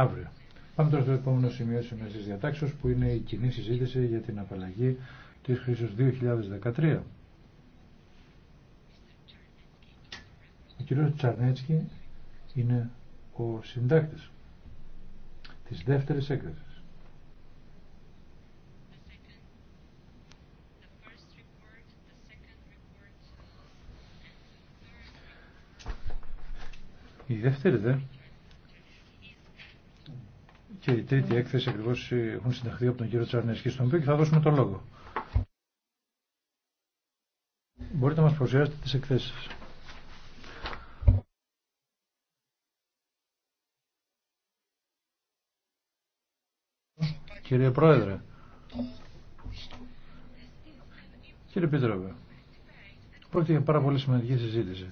αύριο. Πάμε τώρα στο επόμενο σημείο της τη διατάξεως που είναι η κοινή συζήτηση για την απαλλαγή της χρήσης 2013. Ο κύριος Τσαρνέτσκι είναι ο συντάκτης της δεύτερης έκθεσης. Η δεύτερη δε και η τρίτη έκθεση ακριβώ έχουν συνταχθεί από τον κύριο Τσαρνέσκη, στον οποίο και θα δώσουμε το λόγο. Μπορείτε να μας παρουσιάσετε τις εκθέσεις. Κύριε Πρόεδρε, κύριε Πίτροπε, πρόκειται για πάρα πολύ σημαντική συζήτηση.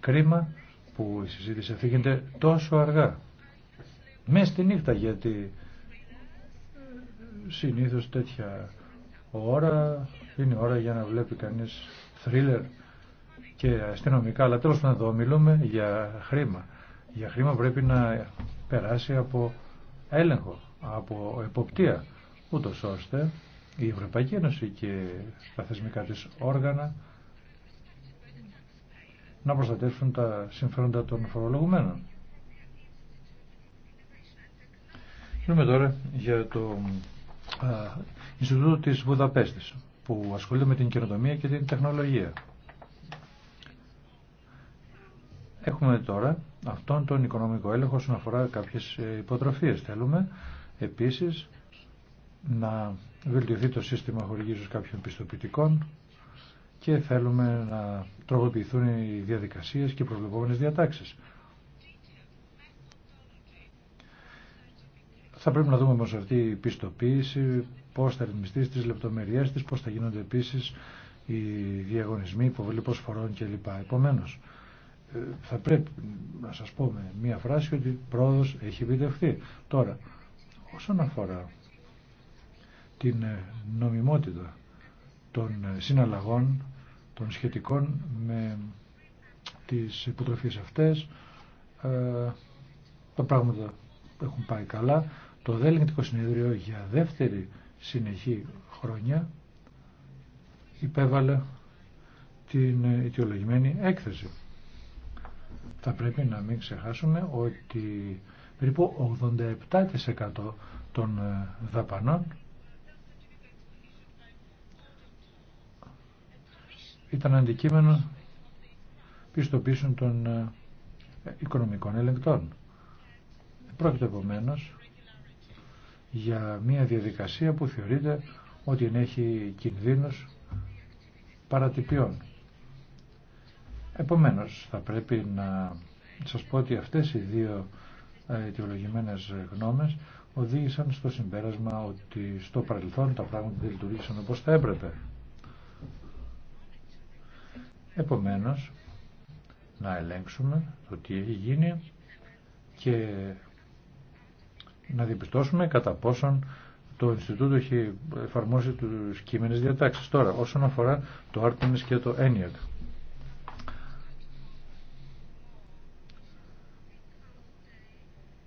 Κρίμα που η συζήτηση αφήγεται τόσο αργά. Μέσα στη νύχτα γιατί συνήθως τέτοια ώρα είναι ώρα για να βλέπει κανείς θρίλερ και αστυνομικά, αλλά τέλος πάντων εδώ μιλούμε για χρήμα. Για χρήμα πρέπει να περάσει από έλεγχο, από εποπτεία, ούτω ώστε η Ευρωπαϊκή Ένωση και τα θεσμικά της όργανα να προστατεύσουν τα συμφέροντα των φορολογουμένων. Μιλούμε τώρα για το Ινστιτούτο της Βουδαπέστης που ασχολείται με την καινοτομία και την τεχνολογία. Έχουμε τώρα αυτόν τον οικονομικό έλεγχο όσον αφορά κάποιες ε, υποτροφίες. Θέλουμε επίσης να βελτιωθεί το σύστημα χορηγήσεως κάποιων πιστοποιητικών και θέλουμε να τροποποιηθούν οι διαδικασίες και οι προβλεπόμενες διατάξεις. Θα πρέπει να δούμε όμω αυτή η πιστοποίηση, πώ θα ρυθμιστεί στι λεπτομεριές τη, πώς θα γίνονται επίση οι διαγωνισμοί, υποβολή προσφορών κλπ. Επομένω, ε, θα πρέπει να σας πω με μία φράση ότι πρόοδο έχει επιτευχθεί. Τώρα, όσον αφορά την ε, νομιμότητα των ε, συναλλαγών, των σχετικών με τις υποτροφίες αυτές, τα πράγματα έχουν πάει καλά το Δέλεγκτικό Συνεδρίο για δεύτερη συνεχή χρονιά υπέβαλε την αιτιολογημένη έκθεση. Θα πρέπει να μην ξεχάσουμε ότι περίπου 87% των ε, δαπανών ήταν αντικείμενο πιστοποίησεων των ε, οικονομικών ελεγκτών. Πρόκειται επομένως για μια διαδικασία που θεωρείται ότι έχει κινδύνους παρατυπιών. Επομένως, θα πρέπει να σας πω ότι αυτές οι δύο ε, αιτιολογημένες γνώμες οδήγησαν στο συμπέρασμα ότι στο παρελθόν τα πράγματα δεν λειτουργήσαν όπως θα έπρεπε. Επομένως, να ελέγξουμε το τι έχει γίνει και να διαπιστώσουμε κατά πόσον το Ινστιτούτο έχει εφαρμόσει τους κείμενες διατάξεις. Τώρα, όσον αφορά το Artemis και το ENIAC.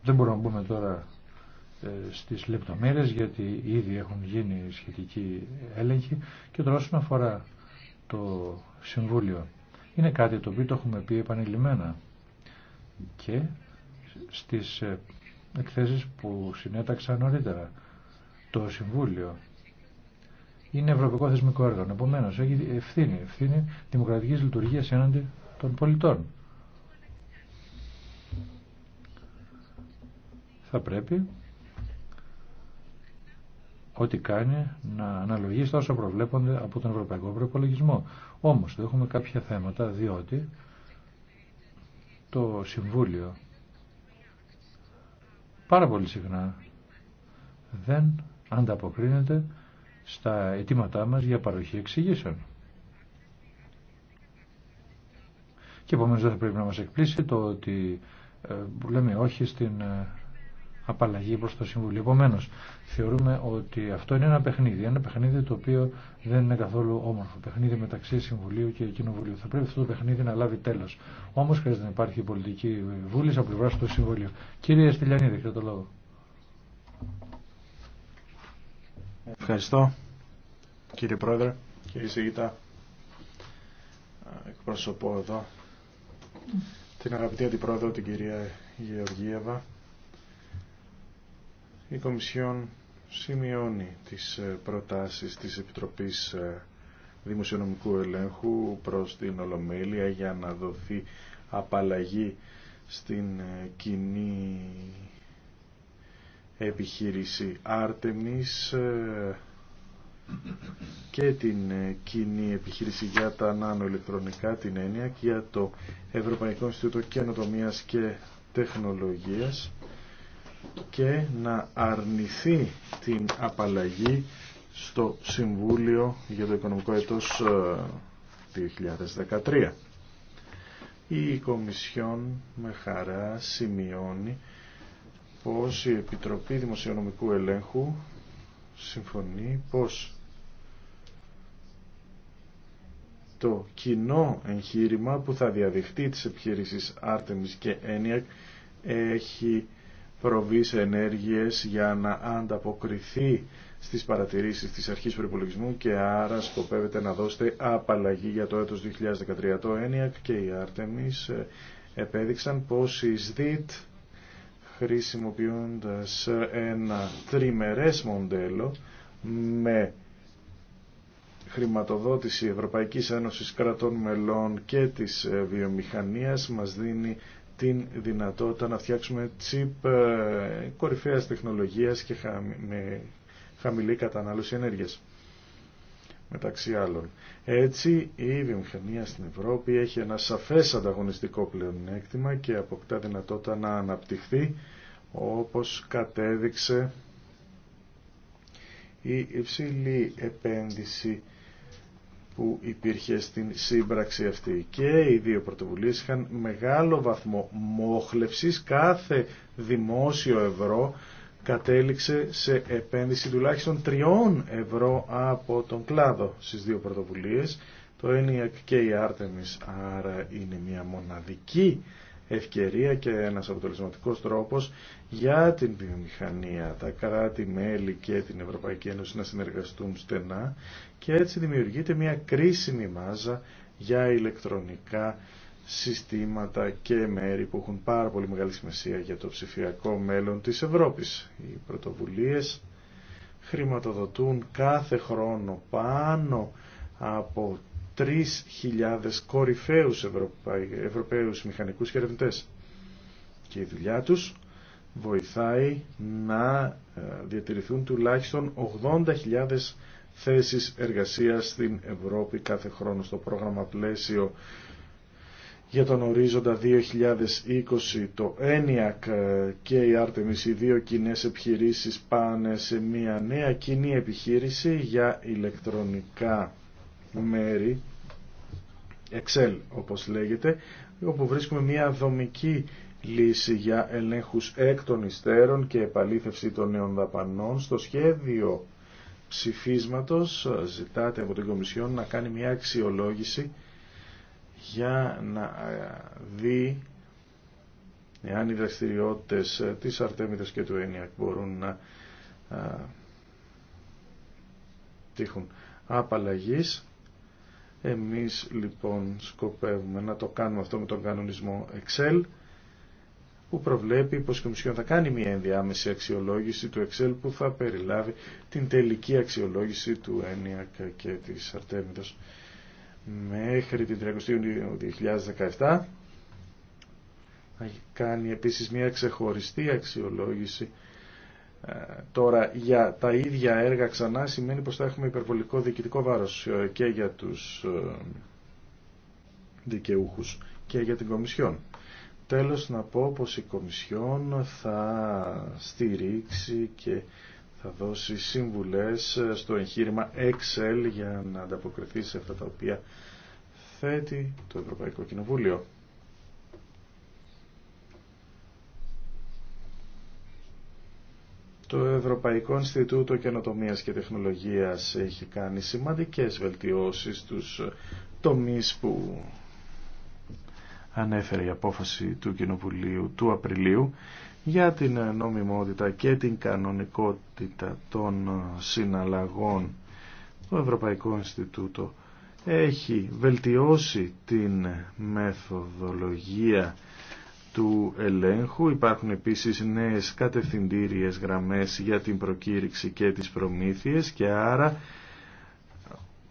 Δεν μπορούμε να μπούμε τώρα ε, στις λεπτομέρειες γιατί ήδη έχουν γίνει σχετικοί έλεγχοι και τώρα όσον αφορά το Συμβούλιο είναι κάτι το οποίο το έχουμε πει επανειλημμένα και στις ε, εκθέσεις που συνέταξα νωρίτερα το Συμβούλιο. Είναι ευρωπαϊκό θεσμικό όργανο. Επομένω, έχει ευθύνη, ευθύνη δημοκρατική λειτουργία έναντι των πολιτών. Θα πρέπει ό,τι κάνει να αναλογεί στα όσα προβλέπονται από τον ευρωπαϊκό προπολογισμό. Όμως, έχουμε κάποια θέματα διότι το Συμβούλιο πάρα πολύ συχνά δεν ανταποκρίνεται στα αιτήματά μας για παροχή εξηγήσεων. Και επομένως δεν θα πρέπει να μας εκπλήσει το ότι ε, λέμε όχι στην ε, απαλλαγή προς το Συμβούλιο. Επομένω, θεωρούμε ότι αυτό είναι ένα παιχνίδι, ένα παιχνίδι το οποίο δεν είναι καθόλου όμορφο. Παιχνίδι μεταξύ Συμβουλίου και Κοινοβουλίου. Θα πρέπει αυτό το παιχνίδι να λάβει τέλος. Όμως χρειάζεται να υπάρχει πολιτική βούληση από πλευρά του Συμβουλίου. Κύριε Στυλιανίδη, έχετε το λόγο. Ευχαριστώ, κύριε Πρόεδρε, κύριε Σιγητά. Εκπροσωπώ εδώ την αγαπητή αντιπρόεδρο, την κυρία Γεωργίευα η Κομισιόν σημειώνει τις ε, προτάσεις της Επιτροπής ε, Δημοσιονομικού Ελέγχου προς την Ολομέλεια για να δοθεί απαλλαγή στην ε, κοινή επιχείρηση Άρτεμις και την κοινή επιχείρηση για τα ηλεκτρονικά την έννοια και για το Ευρωπαϊκό Ινστιτούτο Καινοτομίας και Τεχνολογίας και να αρνηθεί την απαλλαγή στο Συμβούλιο για το Οικονομικό Έτος 2013. Ε, η Κομισιόν με χαρά σημειώνει πως η Επιτροπή Δημοσιονομικού Ελέγχου συμφωνεί πως το κοινό εγχείρημα που θα διαδεχτεί τις επιχειρήσεις Άρτεμις και ENIAC έχει προβεί σε ενέργειες για να ανταποκριθεί στις παρατηρήσεις της αρχής προπολογισμού και άρα σκοπεύετε να δώσετε απαλλαγή για το έτος 2013. Το ΕΝΙΑΚ και η Άρτεμις επέδειξαν πως η ΣΔΙΤ χρησιμοποιώντας ένα τριμερές μοντέλο με χρηματοδότηση Ευρωπαϊκής Ένωσης Κρατών Μελών και της ε, βιομηχανίας μας δίνει την δυνατότητα να φτιάξουμε τσίπ ε, κορυφαίας τεχνολογίας και με χαμηλή κατανάλωση ενέργειας μεταξύ άλλων. Έτσι, η βιομηχανία στην Ευρώπη έχει ένα σαφές ανταγωνιστικό πλεονέκτημα και αποκτά δυνατότητα να αναπτυχθεί όπως κατέδειξε η υψηλή επένδυση που υπήρχε στην σύμπραξη αυτή. Και οι δύο πρωτοβουλίες είχαν μεγάλο βαθμό μόχλευσης. Κάθε δημόσιο ευρώ κατέληξε σε επένδυση τουλάχιστον τριών ευρώ από τον κλάδο στις δύο πρωτοβουλίες. Το ενιακ και η Artemis άρα είναι μια μοναδική ευκαιρία και ένας αποτελεσματικός τρόπος για την βιομηχανία, τα κράτη-μέλη και την Ευρωπαϊκή Ένωση να συνεργαστούν στενά και έτσι δημιουργείται μια κρίσιμη μάζα για ηλεκτρονικά συστήματα και μέρη που έχουν πάρα πολύ μεγάλη σημασία για το ψηφιακό μέλλον της Ευρώπης. Οι πρωτοβουλίες χρηματοδοτούν κάθε χρόνο πάνω από 3.000 κορυφαίους Ευρωπαϊ... Ευρωπαίους μηχανικούς και ερευνητές. Και η δουλειά τους βοηθάει να ε, διατηρηθούν τουλάχιστον 80.000 θέσεις εργασίας στην Ευρώπη κάθε χρόνο στο πρόγραμμα πλαίσιο για τον ορίζοντα 2020 το ENIAC και η Artemis οι δύο κοινέ επιχειρήσεις πάνε σε μια νέα κοινή επιχείρηση για ηλεκτρονικά μέρη Excel όπως λέγεται όπου βρίσκουμε μια δομική λύση για ελέγχους εκ των υστέρων και επαλήθευση των νέων δαπανών στο σχέδιο ψηφίσματος ε, ζητάτε από την Κομισιόν να κάνει μια αξιολόγηση για να ε, δει εάν οι δραστηριότητε ε, της Αρτέμιδας και του ΕΝΙΑΚ μπορούν να τύχουν απαλλαγής εμείς λοιπόν σκοπεύουμε να το κάνουμε αυτό με τον κανονισμό Excel που προβλέπει πως η Κομισιόν θα κάνει μια ενδιάμεση αξιολόγηση του Excel που θα περιλάβει την τελική αξιολόγηση του ΕΝΙΑΚ και της Αρτέμιδος μέχρι την 30 Ιουνίου 2017. Θα κάνει επίσης μια ξεχωριστή αξιολόγηση ε, τώρα για τα ίδια έργα ξανά σημαίνει πως θα έχουμε υπερβολικό διοικητικό βάρος ε, και για τους ε, δικαιούχους και για την Κομισιόν. Τέλος να πω πως η Κομισιόν θα στηρίξει και θα δώσει σύμβουλες στο εγχείρημα Excel για να ανταποκριθεί σε αυτά τα οποία θέτει το Ευρωπαϊκό Κοινοβούλιο. Το Ευρωπαϊκό Ινστιτούτο Καινοτομίας και Τεχνολογίας έχει κάνει σημαντικές βελτιώσεις στους τομείς που ανέφερε η απόφαση του Κοινοβουλίου του Απριλίου για την νομιμότητα και την κανονικότητα των συναλλαγών. Το Ευρωπαϊκό Ινστιτούτο έχει βελτιώσει την μεθοδολογία του ελέγχου. Υπάρχουν επίσης νέες κατευθυντήριες γραμμές για την προκήρυξη και τις προμήθειες και άρα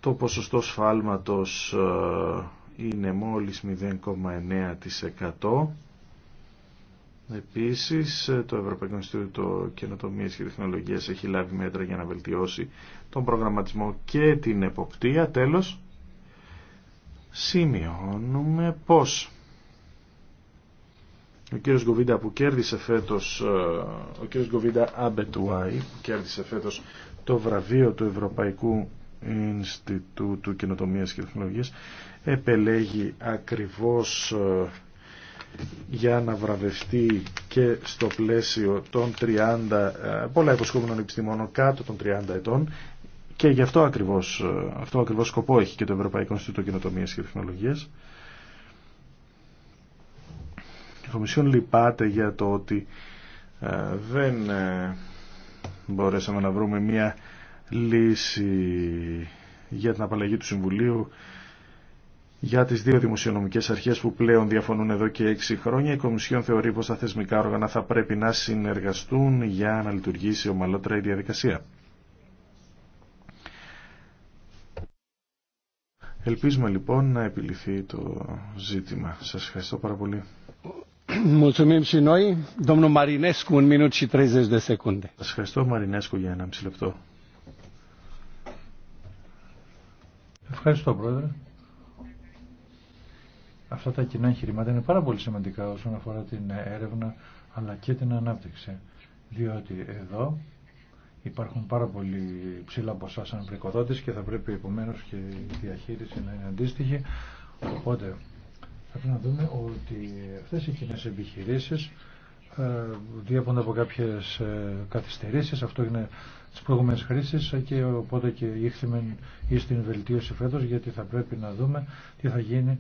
το ποσοστό σφάλματος ε, είναι μόλις 0,9%. Επίσης, ε, το Ευρωπαϊκό Ινστιτούτο Καινοτομίας και Τεχνολογίας έχει λάβει μέτρα για να βελτιώσει τον προγραμματισμό και την εποπτεία. Τέλος, σημειώνουμε πώς ο κύριος Γκοβίντα που κέρδισε φέτος, ε, ο κύριος Γκοβίντα Αμπετουάη που κέρδισε φέτος το βραβείο του Ευρωπαϊκού Ινστιτούτου Κοινοτομίας και Τεχνολογίας επελέγει ακριβώς ε, για να βραβευτεί και στο πλαίσιο των 30 ε, πολλά υποσχόμενων επιστημόνων κάτω των 30 ετών και γι' αυτό ακριβώς, αυτό ακριβώς σκοπό έχει και το Ευρωπαϊκό Ινστιτούτο Κοινοτομίας και Τεχνολογίας η Κομισιόν λυπάται για το ότι ε, δεν ε, μπορέσαμε να βρούμε μια λύση για την απαλλαγή του Συμβουλίου για τις δύο δημοσιονομικές αρχές που πλέον διαφωνούν εδώ και έξι χρόνια. Η Κομισιόν θεωρεί πως τα θεσμικά όργανα θα πρέπει να συνεργαστούν για να λειτουργήσει ομαλότερα η διαδικασία. Ελπίζουμε λοιπόν να επιληθεί το ζήτημα. Σας ευχαριστώ πάρα πολύ ευχαριστώ, Μαρινέσκου, για ένα Ευχαριστώ, Πρόεδρε. Αυτά τα κοινά εγχειρήματα είναι πάρα πολύ σημαντικά όσον αφορά την έρευνα αλλά και την ανάπτυξη. Διότι εδώ υπάρχουν πάρα πολύ ψηλά ποσά σαν πρικοδότης και θα πρέπει επομένως και η διαχείριση να είναι αντίστοιχη. Οπότε πρέπει να δούμε ότι αυτές οι κοινέ επιχειρήσεις ε, διέπονται από κάποιες ε, καθυστερήσεις, αυτό είναι τις προηγούμενες χρήσεις και οπότε και ήρθαμε ή στην βελτίωση φέτος γιατί θα πρέπει να δούμε τι θα γίνει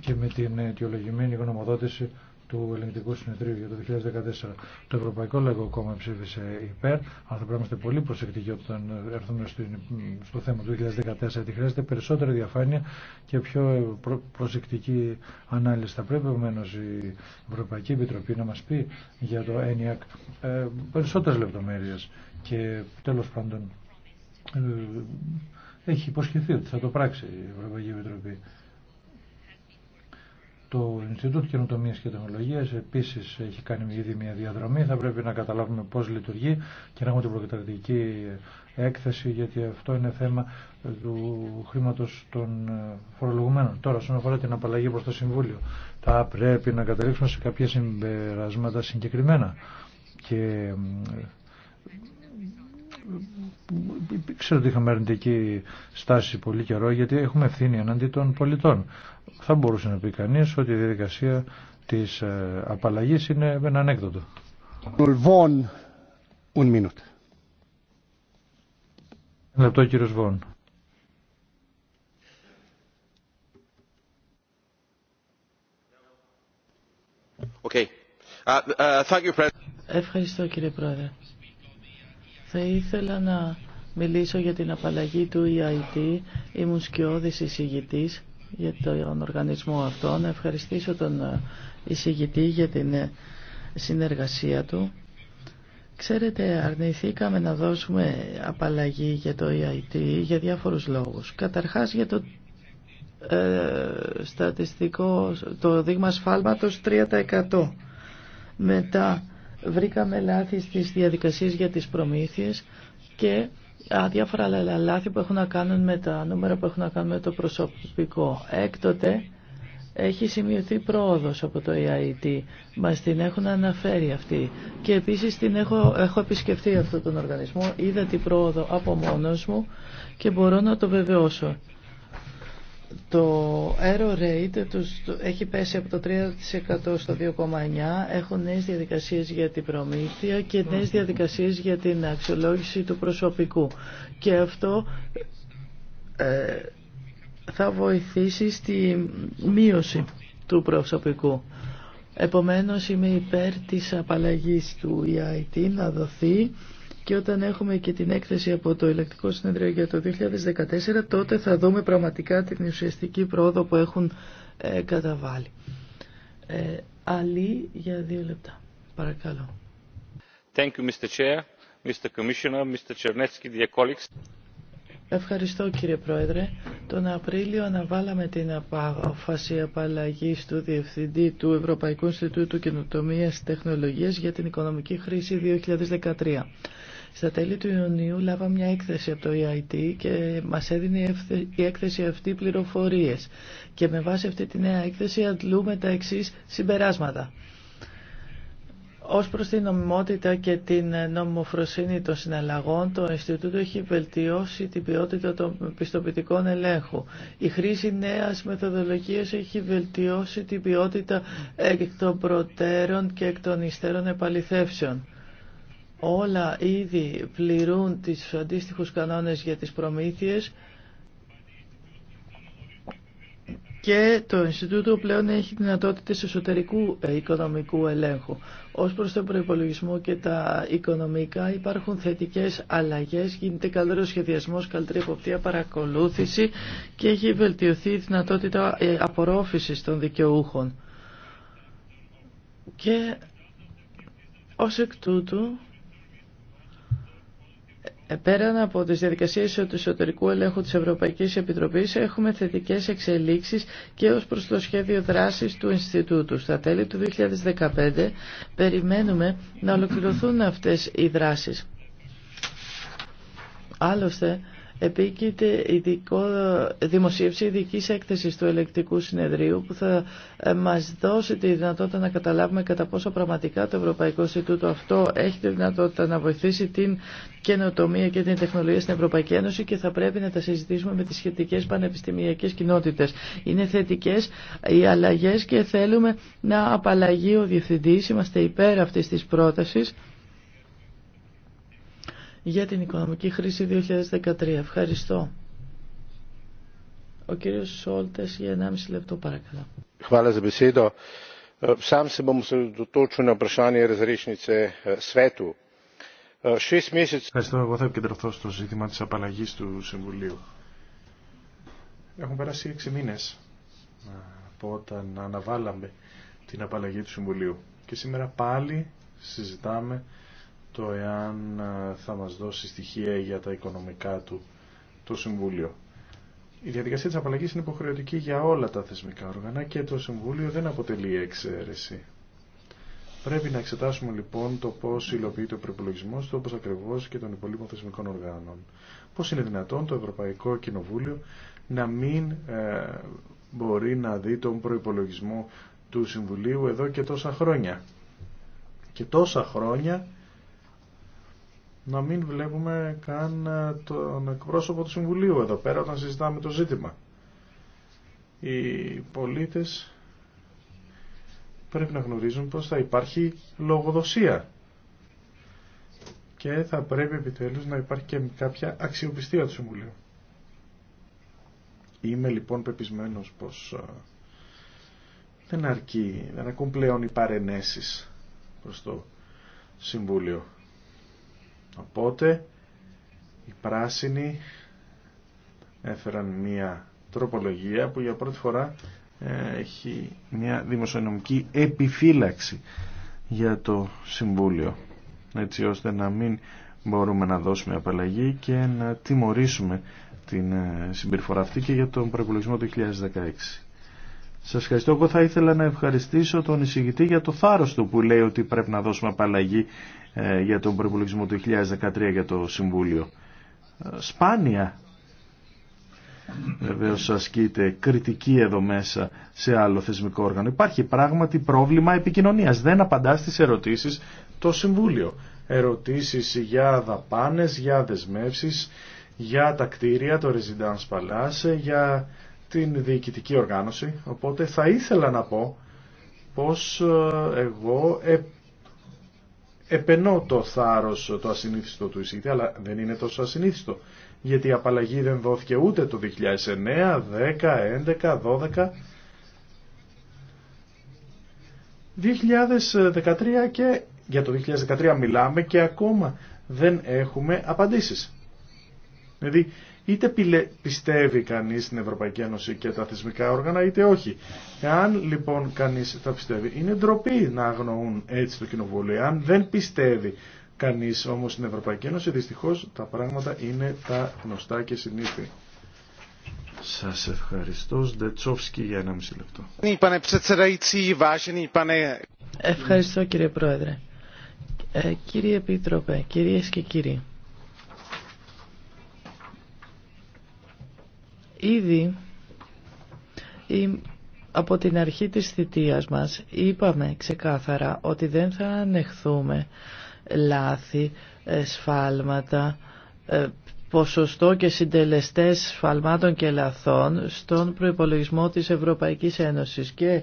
και με την αιτιολογημένη γνωμοδότηση του Ελληνικού Συνεδρίου για το 2014. Το Ευρωπαϊκό Λαϊκό Κόμμα ψήφισε υπέρ, αλλά θα πρέπει να είμαστε πολύ προσεκτικοί όταν έρθουμε στο θέμα του 2014, γιατί χρειάζεται περισσότερη διαφάνεια και πιο προσεκτική ανάλυση. Θα πρέπει επομένω η Ευρωπαϊκή Επιτροπή να μα πει για το ΕΝΙΑΚ ε, περισσότερε λεπτομέρειε και τέλο πάντων. Ε, έχει υποσχεθεί ότι θα το πράξει η Ευρωπαϊκή Επιτροπή. Το Ινστιτούτο Καινοτομία και Τεχνολογία επίση έχει κάνει ήδη μια διαδρομή. Θα πρέπει να καταλάβουμε πώ λειτουργεί και να έχουμε την προκαταρκτική έκθεση, γιατί αυτό είναι θέμα του χρήματο των ε, φορολογουμένων. Τώρα, όσον αφορά την απαλλαγή προ το Συμβούλιο, θα πρέπει να καταλήξουμε σε κάποια συμπεράσματα συγκεκριμένα. Και ε, ξέρω ότι είχαμε αρνητική στάση πολύ καιρό γιατί έχουμε ευθύνη εναντί των πολιτών. Θα μπορούσε να πει κανεί ότι η διαδικασία τη ε, απαλλαγή είναι ένα ανέκδοτο. Ένα λεπτό Βόν. Okay. Uh, uh, thank you, Ευχαριστώ κύριε Πρόεδρε. Θα ήθελα να μιλήσω για την απαλλαγή του EIT. η σκιώδης εισηγητής για τον οργανισμό αυτό. Να ευχαριστήσω τον ε, εισηγητή για την ε, συνεργασία του. Ξέρετε, αρνηθήκαμε να δώσουμε απαλλαγή για το EIT για διάφορους λόγους. Καταρχάς για το ε, στατιστικό, το δείγμα σφάλματος 3%. Μετά βρήκαμε λάθη στις διαδικασίες για τις προμήθειες και διάφορα άλλα λάθη που έχουν να κάνουν με τα νούμερα που έχουν να κάνουν με το προσωπικό. Έκτοτε έχει σημειωθεί πρόοδος από το EIT. Μας την έχουν αναφέρει αυτή. Και επίσης την έχω, έχω επισκεφτεί αυτόν τον οργανισμό. Είδα την πρόοδο από μόνος μου και μπορώ να το βεβαιώσω. Το error rate έχει πέσει από το 3% στο 2,9%. Έχουν νέες διαδικασίες για την προμήθεια και νέες διαδικασίες για την αξιολόγηση του προσωπικού. Και αυτό ε, θα βοηθήσει στη μείωση του προσωπικού. Επομένως είμαι υπέρ της απαλλαγής του EIT να δοθεί και όταν έχουμε και την έκθεση από το Ελεκτικό Συνέδριο για το 2014 τότε θα δούμε πραγματικά την ουσιαστική πρόοδο που έχουν ε, καταβάλει. Ε, Αλή για δύο λεπτά. Παρακαλώ. Thank you, Mr. Chair, Mr. Commissioner, Mr. Chernetsky, colleagues. Ευχαριστώ κύριε Πρόεδρε. Τον Απρίλιο αναβάλαμε την απόφαση απαλλαγή του Διευθυντή του Ευρωπαϊκού Ινστιτούτου Καινοτομία Τεχνολογία για την Οικονομική Χρήση 2013. Στα τέλη του Ιουνίου λάβαμε μια έκθεση από το EIT ε και μας έδινε η έκθεση αυτή πληροφορίες. Και με βάση αυτή τη νέα έκθεση αντλούμε τα εξή συμπεράσματα. Ως προς την νομιμότητα και την νομοφροσύνη των συναλλαγών, το Ινστιτούτο έχει βελτιώσει την ποιότητα των πιστοποιητικών ελέγχου. Η χρήση νέας μεθοδολογίας έχει βελτιώσει την ποιότητα εκ των προτέρων και εκ των υστέρων επαληθεύσεων όλα ήδη πληρούν τις αντίστοιχους κανόνες για τις προμήθειες και το Ινστιτούτο πλέον έχει δυνατότητες εσωτερικού ε, οικονομικού ελέγχου. Ως προς τον προϋπολογισμό και τα οικονομικά υπάρχουν θετικές αλλαγές, γίνεται καλύτερο σχεδιασμός, καλύτερη εποπτεία, παρακολούθηση και έχει βελτιωθεί η δυνατότητα ε, απορρόφησης των δικαιούχων. Και ως εκ τούτου Πέραν από τις διαδικασίες του εσωτερικού ελέγχου της Ευρωπαϊκής Επιτροπής έχουμε θετικές εξελίξεις και ως προς το σχέδιο δράσης του Ινστιτούτου. Στα τέλη του 2015 περιμένουμε να ολοκληρωθούν αυτές οι δράσεις. Άλλωστε, επίκειται ειδικό, δημοσίευση ειδική έκθεση του ελεκτικού συνεδρίου που θα ε, μας δώσει τη δυνατότητα να καταλάβουμε κατά πόσο πραγματικά το Ευρωπαϊκό Ινστιτούτο αυτό έχει τη δυνατότητα να βοηθήσει την καινοτομία και την τεχνολογία στην Ευρωπαϊκή Ένωση και θα πρέπει να τα συζητήσουμε με τις σχετικές πανεπιστημιακές κοινότητε. Είναι θετικέ οι αλλαγέ και θέλουμε να απαλλαγεί ο διευθυντή είμαστε υπέρ αυτή τη πρόταση για την οικονομική χρήση 2013. Ευχαριστώ. Ο κύριος Σόλτες για 1,5 λεπτό παρακαλώ. Ε, ε, ε, Ευχαριστώ. Εγώ θα επικεντρωθώ στο ζήτημα της απαλλαγής του Συμβουλίου. Έχουν περάσει έξι μήνες από όταν αναβάλαμε την απαλλαγή του Συμβουλίου. Και σήμερα πάλι συζητάμε το εάν ε, θα μας δώσει στοιχεία για τα οικονομικά του το Συμβούλιο. Η διαδικασία της απαλλαγής είναι υποχρεωτική για όλα τα θεσμικά όργανα και το Συμβούλιο δεν αποτελεί εξαίρεση. Πρέπει να εξετάσουμε λοιπόν το πώ υλοποιείται ο προπολογισμό του όπω ακριβώ και των υπολείπων θεσμικών οργάνων. Πώ είναι δυνατόν το Ευρωπαϊκό Κοινοβούλιο να μην ε, μπορεί να δει τον προπολογισμό του Συμβουλίου εδώ και τόσα χρόνια. Και τόσα χρόνια να μην βλέπουμε καν ε, τον εκπρόσωπο του Συμβουλίου εδώ πέρα όταν συζητάμε το ζήτημα. Οι πολίτες πρέπει να γνωρίζουν πως θα υπάρχει λογοδοσία και θα πρέπει επιτέλους να υπάρχει και κάποια αξιοπιστία του Συμβουλίου. Είμαι λοιπόν πεπισμένος πως ε, δεν αρκεί, δεν ακούν πλέον οι παρενέσεις προς το Συμβούλιο. Οπότε οι πράσινοι έφεραν μια τροπολογία που για πρώτη φορά ε, έχει μια δημοσιονομική επιφύλαξη για το Συμβούλιο έτσι ώστε να μην μπορούμε να δώσουμε απαλλαγή και να τιμωρήσουμε την ε, συμπεριφορά αυτή και για τον προπολογισμό του 2016. Σας ευχαριστώ. Εγώ θα ήθελα να ευχαριστήσω τον εισηγητή για το θάρρος του που λέει ότι πρέπει να δώσουμε απαλλαγή ε, για τον προπολογισμό του 2013 για το Συμβούλιο. Ε, σπάνια βεβαίως ασκείται κριτική εδώ μέσα σε άλλο θεσμικό όργανο. Υπάρχει πράγματι πρόβλημα επικοινωνίας. Δεν απαντά στις ερωτήσεις το Συμβούλιο. Ερωτήσεις για δαπάνες, για δεσμεύσεις, για τα κτίρια, το Residence Palace, για την διοικητική οργάνωση, οπότε θα ήθελα να πω πως ε, εγώ επενώ το θάρρος το ασυνήθιστο του εισηγητή, αλλά δεν είναι τόσο ασυνήθιστο, γιατί η απαλλαγή δεν δόθηκε ούτε το 2009, 10, 11, 12, 2013 και για το 2013 μιλάμε και ακόμα δεν έχουμε απαντήσεις. Δηλαδή Είτε πιστεύει κανείς στην Ευρωπαϊκή Ένωση και τα θεσμικά όργανα, είτε όχι. Εάν λοιπόν κανείς θα πιστεύει, είναι ντροπή να αγνοούν έτσι το Κοινοβούλιο. Αν δεν πιστεύει κανείς όμως στην Ευρωπαϊκή Ένωση, δυστυχώς τα πράγματα είναι τα γνωστά και συνήθη. Σας ευχαριστώ. Σντετσόφσκι για ένα μισή λεπτό. Ευχαριστώ κύριε Πρόεδρε. Ε, κύριε Επίτροπε, κυρίες και κύριοι. Ήδη από την αρχή της θητείας μας είπαμε ξεκάθαρα ότι δεν θα ανεχθούμε λάθη, ε, σφάλματα, ε, ποσοστό και συντελεστές σφαλμάτων και λαθών στον προϋπολογισμό της Ευρωπαϊκής Ένωσης και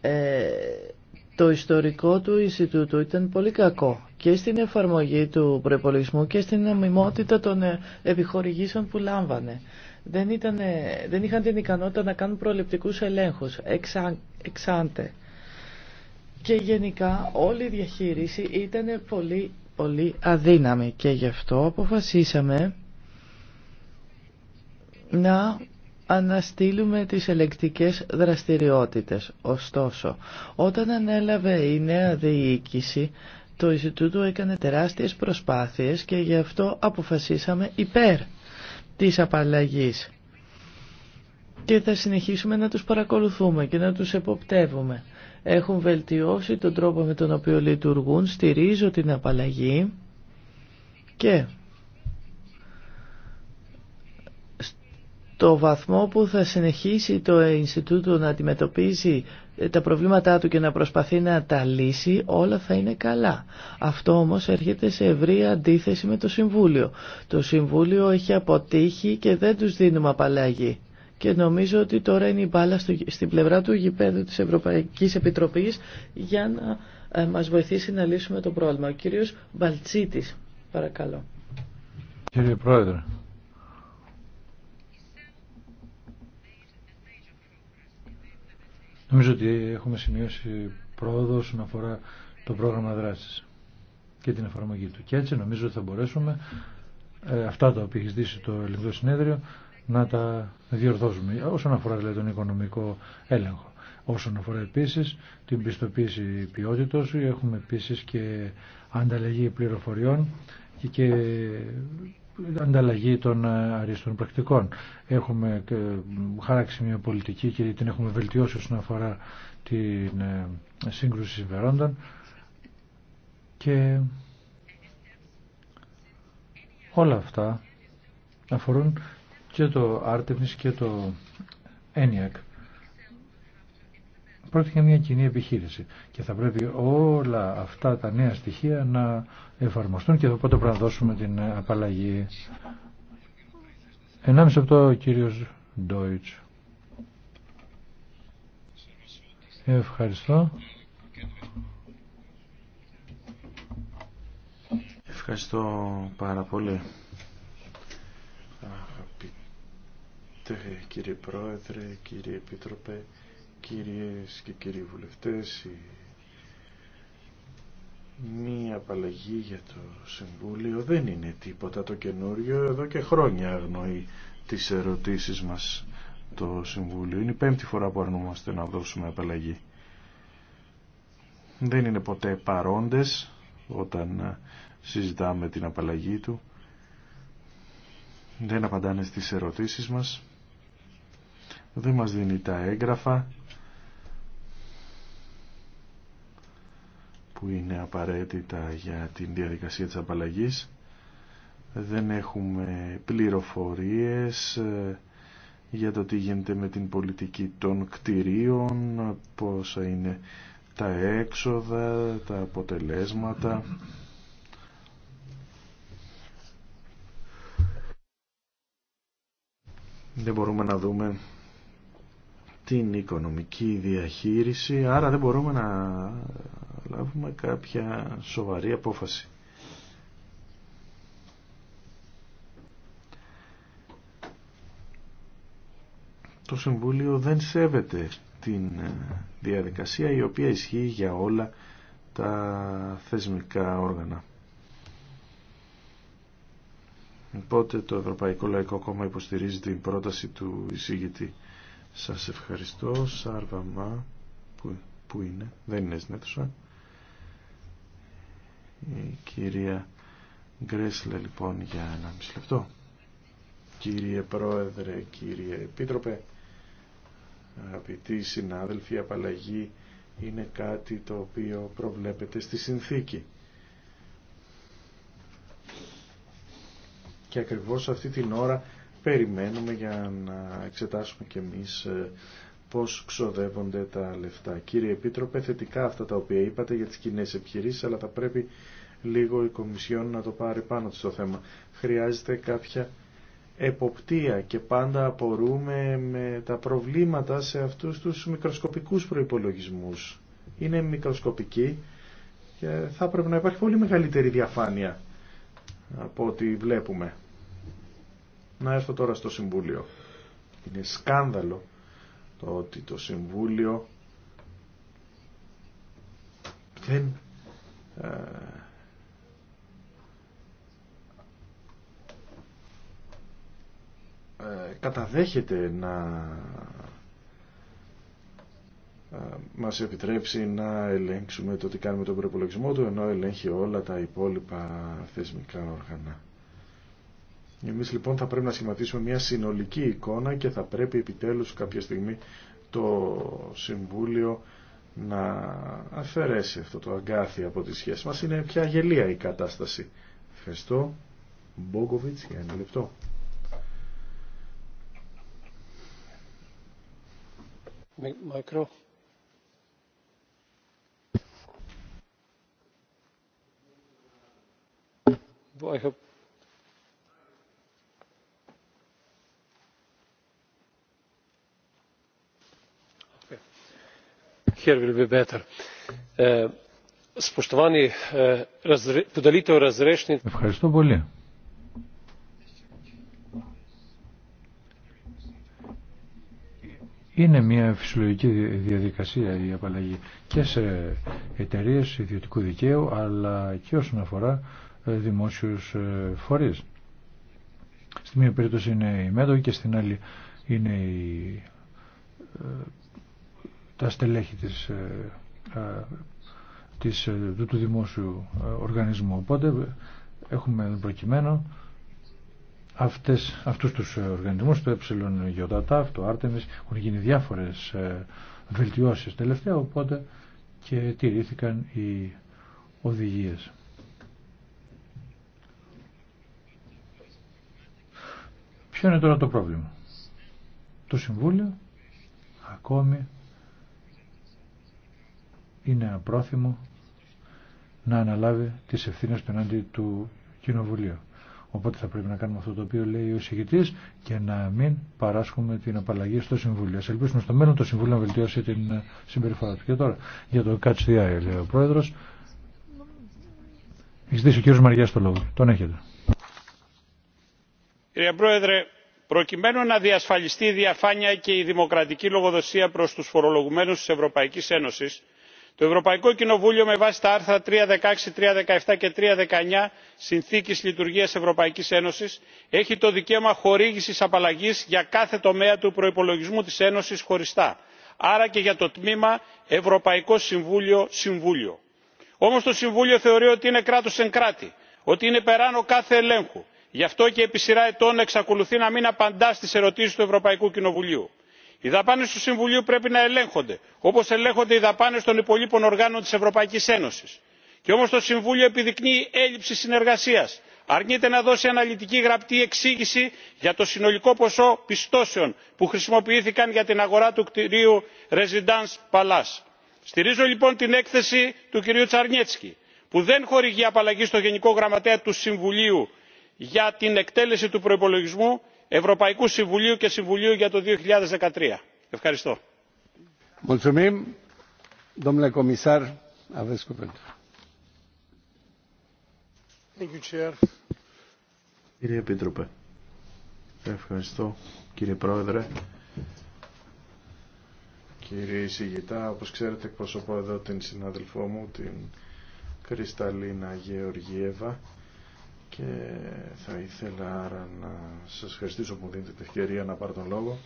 ε, το ιστορικό του Ινστιτούτου ήταν πολύ κακό και στην εφαρμογή του προϋπολογισμού και στην αμοιμότητα των επιχορηγήσεων που λάμβανε δεν, ήταν, δεν είχαν την ικανότητα να κάνουν προληπτικούς ελέγχους, εξάντε. Και γενικά όλη η διαχείριση ήταν πολύ, πολύ αδύναμη και γι' αυτό αποφασίσαμε να αναστείλουμε τις ελεκτικές δραστηριότητες. Ωστόσο, όταν ανέλαβε η νέα διοίκηση, το Ινστιτούτο έκανε τεράστιες προσπάθειες και γι' αυτό αποφασίσαμε υπέρ της απαλλαγής και θα συνεχίσουμε να τους παρακολουθούμε και να τους εποπτεύουμε. Έχουν βελτιώσει τον τρόπο με τον οποίο λειτουργούν, στηρίζω την απαλλαγή και στο βαθμό που θα συνεχίσει το Ινστιτούτο να αντιμετωπίζει τα προβλήματά του και να προσπαθεί να τα λύσει, όλα θα είναι καλά. Αυτό όμως έρχεται σε ευρία αντίθεση με το Συμβούλιο. Το Συμβούλιο έχει αποτύχει και δεν τους δίνουμε απαλλαγή. Και νομίζω ότι τώρα είναι η μπάλα στην πλευρά του γηπέδου της Ευρωπαϊκής Επιτροπής για να ε, μας βοηθήσει να λύσουμε το πρόβλημα. Ο κύριος Μπαλτσίτης, παρακαλώ. Κύριε Πρόεδρε, Νομίζω ότι έχουμε σημειώσει πρόοδο όσον αφορά το πρόγραμμα δράσης και την εφαρμογή του. Και έτσι νομίζω ότι θα μπορέσουμε ε, αυτά τα οποία έχει ζητήσει το ελληνικό συνέδριο να τα διορθώσουμε όσον αφορά δηλαδή, τον οικονομικό έλεγχο. Όσον αφορά επίση την πιστοποίηση ποιότητος, έχουμε επίση και ανταλλαγή πληροφοριών και ανταλλαγή των ε, αρίστων πρακτικών. Έχουμε χάραξει μια πολιτική και την έχουμε βελτιώσει όσον αφορά την ε, σύγκρουση συμφερόντων και όλα αυτά αφορούν και το Άρτεμις και το ΕΝΙΑΚ. Πρόκειται για μια κοινή επιχείρηση και θα πρέπει όλα αυτά τα νέα στοιχεία να εφαρμοστούν και οπότε πρέπει να δώσουμε την απαλλαγή. ενάμιση από το κύριο Ντόιτς. Ευχαριστώ. Ευχαριστώ πάρα πολύ. κύριε Πρόεδρε, κύριε Επίτροπε, Κυρίες και κύριοι βουλευτές, μία απαλλαγή για το Συμβούλιο δεν είναι τίποτα το καινούριο. Εδώ και χρόνια αγνοεί τις ερωτήσεις μας το Συμβούλιο. Είναι η πέμπτη φορά που αρνούμαστε να δώσουμε απαλλαγή. Δεν είναι ποτέ παρόντες όταν συζητάμε την απαλλαγή του. Δεν απαντάνε στις ερωτήσεις μας. Δεν μας δίνει τα έγγραφα που είναι απαραίτητα για την διαδικασία της απαλλαγής. Δεν έχουμε πληροφορίες ε, για το τι γίνεται με την πολιτική των κτηρίων, πόσα είναι τα έξοδα, τα αποτελέσματα. Δεν μπορούμε να δούμε την οικονομική διαχείριση, άρα δεν μπορούμε να λάβουμε κάποια σοβαρή απόφαση. Το Συμβούλιο δεν σέβεται την ε, διαδικασία η οποία ισχύει για όλα τα θεσμικά όργανα. Οπότε το Ευρωπαϊκό Λαϊκό Κόμμα υποστηρίζει την πρόταση του εισήγητη. Σας ευχαριστώ, Σάρβαμα, που, που είναι, δεν είναι στην η κυρία Γκρέσλε λοιπόν για ένα μισή λεπτό. Κύριε Πρόεδρε, κύριε Επίτροπε, αγαπητοί συνάδελφοι, η απαλλαγή είναι κάτι το οποίο προβλέπεται στη συνθήκη. Και ακριβώς αυτή την ώρα περιμένουμε για να εξετάσουμε και εμείς ε, πώς ξοδεύονται τα λεφτά. Κύριε Επίτροπε, θετικά αυτά τα οποία είπατε για τις κοινέ επιχειρήσεις, αλλά θα πρέπει λίγο η Κομισιόν να το πάρει πάνω στο θέμα. Χρειάζεται κάποια εποπτεία και πάντα απορούμε με τα προβλήματα σε αυτούς τους μικροσκοπικούς προϋπολογισμούς. Είναι μικροσκοπικοί και θα πρέπει να υπάρχει πολύ μεγαλύτερη διαφάνεια από ό,τι βλέπουμε. Να έρθω τώρα στο Συμβούλιο. Είναι σκάνδαλο το ότι το Συμβούλιο δεν ε, ε, καταδέχεται να ε, μας επιτρέψει να ελέγξουμε το τι κάνουμε τον προπολογισμό του ενώ ελέγχει όλα τα υπόλοιπα θεσμικά όργανα. Εμείς λοιπόν θα πρέπει να σχηματίσουμε μια συνολική εικόνα και θα πρέπει επιτέλους κάποια στιγμή το Συμβούλιο να αφαιρέσει αυτό το αγκάθι από τη σχέση μας. Είναι πια γελία η κατάσταση. Ευχαριστώ. Μπόγκοβιτς για ένα λεπτό. Μικρό. I Ε, ε, Ευχαριστώ πολύ. Είναι μια φυσιολογική διαδικασία η απαλλαγή και σε εταιρείε ιδιωτικού δικαίου αλλά και όσον αφορά ε, δημόσιους φορείς. Στη μία περίπτωση είναι η μέτοχη και στην άλλη είναι η τα στελέχη της, ε, ε, της, ε, του, του δημόσιου οργανισμού. Οπότε έχουμε προκειμένου αυτές, αυτούς τους οργανισμούς, το ΕΙΤΑΤΑΦ, ΕΕ, το Άρτεμις, έχουν γίνει διάφορες βελτιώσεις τελευταία, οπότε και τηρήθηκαν οι οδηγίες. Ποιο είναι τώρα το πρόβλημα. Το Συμβούλιο ακόμη είναι απρόθυμο να αναλάβει τις ευθύνες πενάντι του Κοινοβουλίου. Οπότε θα πρέπει να κάνουμε αυτό το οποίο λέει ο συγκητή και να μην παράσχουμε την απαλλαγή στο Συμβούλιο. Α ελπίσουμε στο μέλλον το Συμβούλιο να βελτιώσει την ε, συμπεριφορά του. Και τώρα για το Catch the Eye, λέει ο Πρόεδρο. Έχει ο κύριο Μαριά το λόγο. Τον έχετε. Κύριε Πρόεδρε, προκειμένου να διασφαλιστεί η διαφάνεια και η δημοκρατική λογοδοσία προ του φορολογουμένου τη Ευρωπαϊκή Ένωση, το ευρωπαϊκό κοινοβούλιο με βάση τα άρθρα τρία δεκαέξι τρία και τρία δεκαεννιά συνθήκης λειτουργίας ευρωπαϊκής ένωσης έχει το δικαίωμα χορήγησης απαλλαγής για κάθε τομέα του προϋπολογισμού της ένωσης χωριστά άρα και για το τμήμα ευρωπαϊκό συμβούλιο συμβούλιο. όμως το συμβούλιο θεωρεί ότι είναι κράτος εν κράτη ότι είναι περάνω κάθε ελέγχου γι' αυτό και επί σειρά ετών εξακολουθεί να μην απαντά στις ερωτήσεις του ευρωπαϊκού κοινοβουλίου οι δαπάνες του συμβουλίου πρέπει να ελέγχονται όπως ελέγχονται οι δαπάνες των υπολείπων οργάνων της ευρωπαϊκής ένωσης και όμως το συμβούλιο επιδεικνύει έλλειψη συνεργασίας αρνείται να δώσει αναλυτική γραπτή εξήγηση για το συνολικό ποσό πιστώσεων που χρησιμοποιήθηκαν για την αγορά του κτηρίου residence palace. στηρίζω λοιπόν την έκθεση του κυρίου Τσαρνιέτσκι, που δεν χορηγεί απαλλαγή στο γενικό γραμματέα του συμβουλίου για την εκτέλεση του προϋπολογισμού ευρωπαϊκού συμβουλίου και συμβουλίου για το. 2013. ευχαριστώ. Κύριε Επίτροπε, ευχαριστώ κύριε Πρόεδρε. Κύριε Σιγητά, όπως ξέρετε εκπροσωπώ εδώ την συνάδελφό μου, την Κρυσταλίνα Γεωργίεβα και θα ήθελα άρα να σας ευχαριστήσω που δίνετε την ευκαιρία να πάρω τον λόγο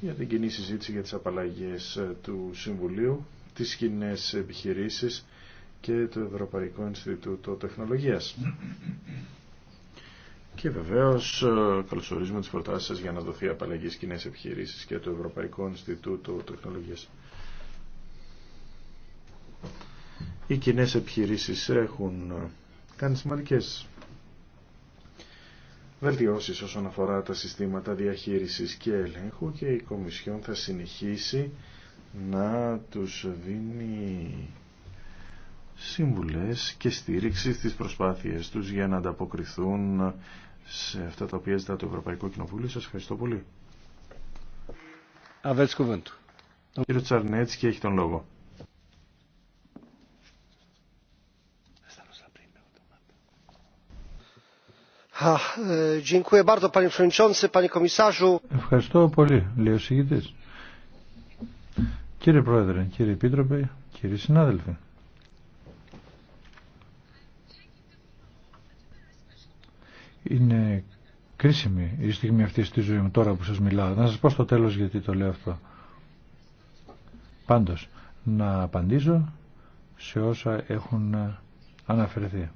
για την κοινή συζήτηση για τις απαλλαγές του Συμβουλίου, τις κοινέ επιχειρήσεις και το Ευρωπαϊκό Ινστιτούτο Τεχνολογίας. Και βεβαίως ε, καλωσορίζουμε τις προτάσεις σας για να δοθεί απαλλαγή στις κοινές επιχειρήσεις και το Ευρωπαϊκό Ινστιτούτο Τεχνολογίας. Οι κοινέ επιχειρήσεις έχουν ε, κάνει σημαντικές βελτιώσεις όσον αφορά τα συστήματα διαχείρισης και ελέγχου και η Κομισιόν θα συνεχίσει να τους δίνει συμβουλές και στήριξη στις προσπάθειες τους για να ανταποκριθούν σε αυτά τα οποία ζητά το Ευρωπαϊκό Κοινοβούλιο. Σας ευχαριστώ πολύ. Κύριε Τσαρνέτσκι έχει τον λόγο. Ε, Ευχαριστώ πολύ, λέει ο Κύριε Πρόεδρε, κύριε Επίτροπε, κύριοι συνάδελφοι. Είναι κρίσιμη η στιγμή αυτή στη ζωή μου τώρα που σας μιλάω. Να σας πω στο τέλος γιατί το λέω αυτό. Πάντως, να απαντήσω σε όσα έχουν αναφερθεί.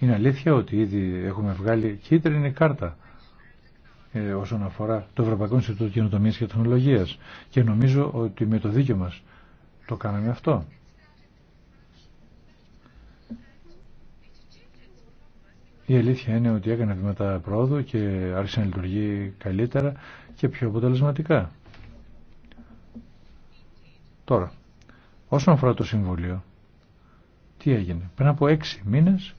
Είναι αλήθεια ότι ήδη έχουμε βγάλει κίτρινη κάρτα ε, όσον αφορά το Ευρωπαϊκό Ινστιτούτο Καινοτομία και Τεχνολογία. και νομίζω ότι με το δίκαιο μας το κάναμε αυτό. Η αλήθεια είναι ότι έκανε βήματα πρόοδου και άρχισε να λειτουργεί καλύτερα και πιο αποτελεσματικά. Τώρα, όσον αφορά το Συμβούλιο, τι έγινε. Πριν από έξι μήνες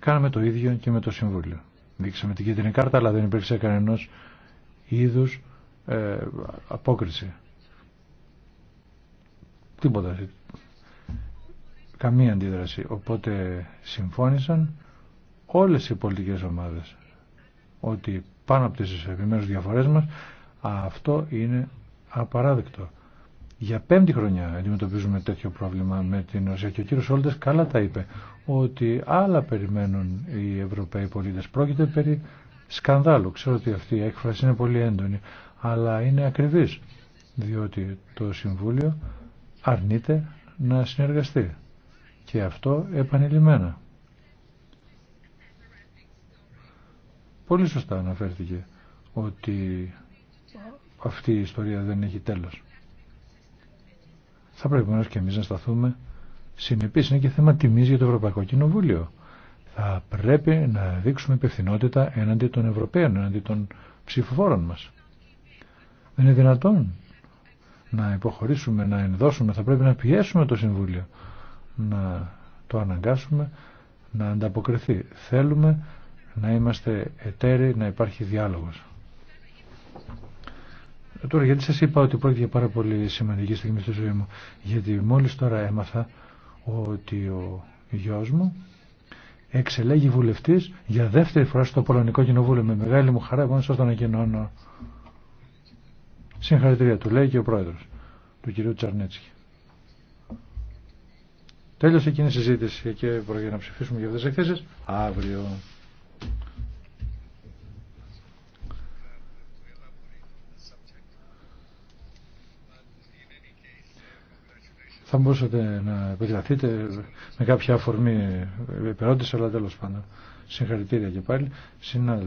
Κάναμε το ίδιο και με το Συμβούλιο. Δείξαμε την κίτρινη κάρτα, αλλά δεν υπήρξε κανένα είδου ε, απόκριση. Τίποτα. Καμία αντίδραση. Οπότε συμφώνησαν όλες οι πολιτικές ομάδες ότι πάνω από τις επιμέρους διαφορές μας αυτό είναι απαράδεκτο. Για πέμπτη χρονιά αντιμετωπίζουμε τέτοιο πρόβλημα με την Ρωσία και ο κύριος Όλτες καλά τα είπε ότι άλλα περιμένουν οι Ευρωπαίοι πολίτες. Πρόκειται περί σκανδάλου. Ξέρω ότι αυτή η έκφραση είναι πολύ έντονη, αλλά είναι ακριβής, διότι το Συμβούλιο αρνείται να συνεργαστεί. Και αυτό επανειλημμένα. Πολύ σωστά αναφέρθηκε ότι αυτή η ιστορία δεν έχει τέλος. Θα πρέπει μόνος και εμείς να σταθούμε συνεπής, είναι και θέμα τιμής για το Ευρωπαϊκό Κοινοβούλιο. Θα πρέπει να δείξουμε υπευθυνότητα έναντι των Ευρωπαίων, έναντι των ψηφοφόρων μας. Δεν είναι δυνατόν να υποχωρήσουμε, να ενδώσουμε, θα πρέπει να πιέσουμε το Συμβούλιο, να το αναγκάσουμε, να ανταποκριθεί. Θέλουμε να είμαστε εταίροι, να υπάρχει διάλογος. Ε, τώρα, γιατί σας είπα ότι πρόκειται για πάρα πολύ σημαντική στιγμή στη ζωή μου, γιατί μόλις τώρα έμαθα ότι ο γιος μου εξελέγει βουλευτής για δεύτερη φορά στο Πολωνικό Κοινοβούλιο. Με μεγάλη μου χαρά, εγώ σας το ανακοινώνω. Συγχαρητήρια του λέει και ο πρόεδρος του κυρίου Τσαρνέτσκι. Τέλειωσε εκείνη η συζήτηση και πρόκειται να ψηφίσουμε για αυτές τις εκθέσεις αύριο. Θα μπορούσατε να επεκταθείτε με κάποια αφορμή επερώτηση, αλλά τέλος πάντων. Συγχαρητήρια και πάλι.